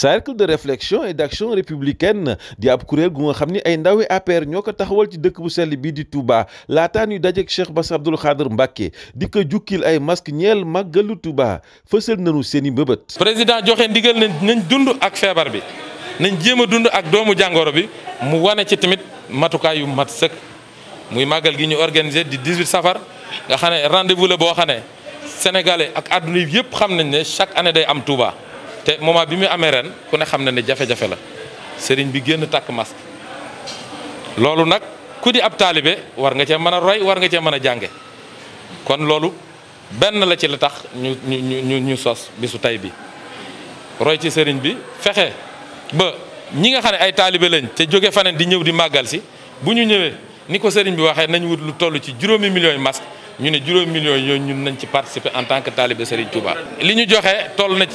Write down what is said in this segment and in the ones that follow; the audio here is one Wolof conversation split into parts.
cercle de réflexion et d'action républicaine di ab kuréel gu nga xam ay ndawi APR ñoko taxawal ci dëkk bu sell bi di Touba laataa ñuy dajé Cheikh Bass Abdoul Khadr Mbacké di ko jukkil ay masque ñeel màggalu Touba fësal nañu seen i mbëbët. président joxé ndigal nañ dund ak fébar bi nañ jéem dund ak doomu jangoro bi mu wané ci tamit matuka yu mat sëkk muy magal gi ñu organiser di 18 safar nga xam rendez-vous la bo xam sénégalais ak adduna yépp xam nañ chaque année day am Touba. te moment bi mu amee ren ku ne xam na ne jafe-jafe la sëriñ bi génn takk masque loolu nag ku di ab taalibe war nga cee mën a roy war nga cee mën a jànge kon loolu benn la ci la tax ñu ñu ñu ñu sos bisu tay bi roy ci sëriñ bi fexe ba ñi nga xam ne ay taalibe lañ te jóge faneen di ñëw di màggal si bu ñu ñëwee ni ko sëriñ bi waxee nañ wut lu toll ci juróomi millions yi masque ñu ne juróomi millions yooyu ñun nañ ci participer en tant que taalibe sëriñ Touba li ñu joxe toll na ci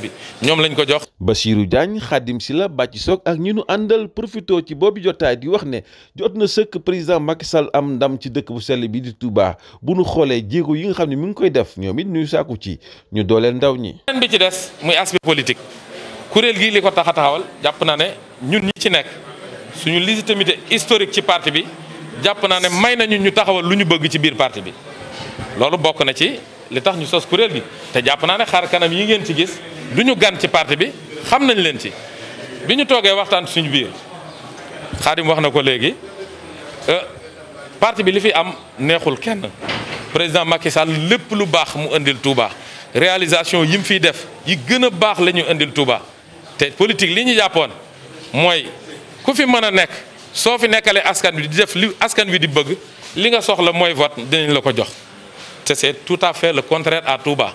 bi ñoom lañ ko jox. Bassirou Diagne Khadim Sylla Bathie Sock ak ñi nu àndal profito ci boobu jotaay di wax ne jot na sëkk président Macky Sall am ndam ci dëkk bu sell bi di Touba bu nu xoolee jéego yi nga xam ne mu ngi koy def ñoom it nuyu sàkku ci ñu dooleel ndaw ñi. beneen bi ci des muy aspect politique kuréel gi li ko tax a taxawal jàpp naa ne ñun ñi ci nekk suñu légitimité historique ci parti bi jàpp naa ne may nañu ñu taxawal lu ñu bëgg ci biir parti bi loolu bokk na ci li tax ñu sos kuréel gi duñu ganti gan ci parti bi xam nañ leen ci bi ñu toogee waxtaan suñu biir xaadim wax na ko euh, parti bi li fi am neexul kenn président Macky Sall lépp lu baax mu indil Touba réalisation yim fi def yi gën a baax la ñu indil Touba te politique li ñu jàppoon mooy ku fi mën a nekk fi nekkale askan bi di def li askan wi di bëgg li nga soxla mooy vote dinañ la ko jox te c'est tout à fait le contraire à Touba.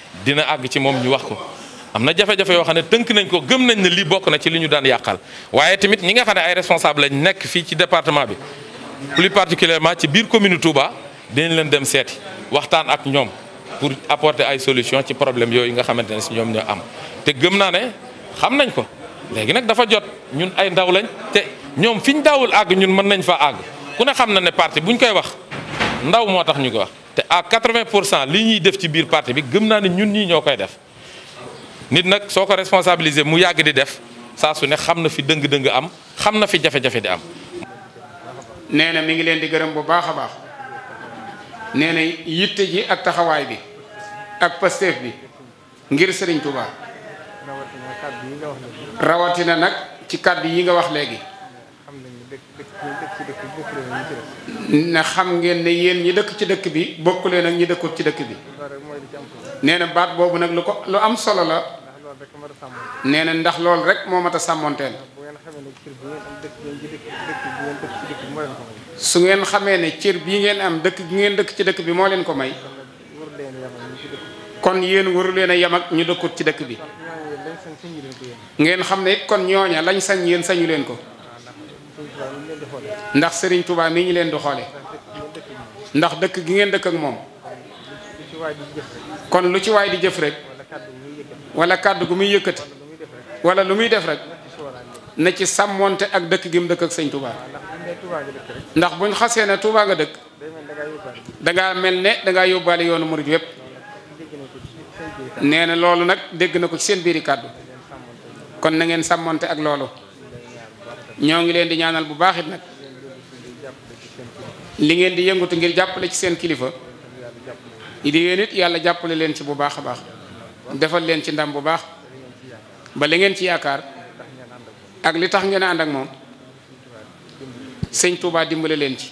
dina àgg ci moom ñu wax ko am na jafe-jafe yoo xam ne tënk nañ ko gëm nañ ne lii bokk na ci li ñu daan yàqal waaye tamit ñi nga xam ne ay responsable lañ nekk fii ci département bi plus particulièrement ci biir commune Touba dinañ leen dem seeti waxtaan ak ñoom pour apporter ay solution ci problème yooyu nga xamante ne si ñoom ñoo am te gëm naa ne xam nañ ko léegi nag dafa jot ñun ay ndaw lañ te ñoom fi ñu daawul àgg ñun mën nañ fa àgg ku ne xam na ne parti bu ñu koy wax ndaw moo tax ñu ko wax te à 80 pour li def ci biir parti bi gëm naa ne ñun ñi ñoo koy def nit nak soko responsabiliser mu yag di def sa su ne xamna fi deung deung am xamna fi jafé jafé di am. nee mi ngi leen di gëreem bu baax baax nee na yitte ji ak taxaway bi ak Pastef bi ngir Serigne Touba rawatina nak, ci kàddu yi nga wax léegi. ne xam ngeen ne yéen ñi dëkk ci dëkk bi bokk leen ak ñu dëkkut ci dëkk bi nee na baat boobu nag lu ko lu am solo la nee na ndax lool rek moo mat a sàmmonteel su ngeen xamee ne cir bii ngeen am dëkk gi ngeen dëkk ci dëkk bi moo leen ko may kon yéen waru leen a yem ak ñu dëkkut ci dëkk bi ngeen xam ne it kon ñooña lañ sañ yeen sañu leen ko ndax sëriñ Touba mii ñu leen di xoole ndax dëkk gi ngeen dëkk ak moom kon lu ci waay di jëf rek wala kàddu gu muy yëkkati wala lu muy def rek na ci sàmmoonte ak dëkk gi mu dëkk ak sëñ Touba ndax buñ xasee ne Touba nga dëkk dangaa mel ne dangaa yóbbaale yoonu murid yépp nee na loolu nag dégg na ko ci seen biiri kàddu kon na ngeen sàmmoonte ak loolu ñoo ngi leen di ñaanal bu baax it nag li ngeen di yëngatu ngir jàppale ci seen kilifa di ngeen yàlla jàppale leen ci bu baax a baax defal leen ci ndam bu baax ba li ngeen ci yaakaar ak li tax ngeen ànd ak moom sëñ Touba dimbale leen ci.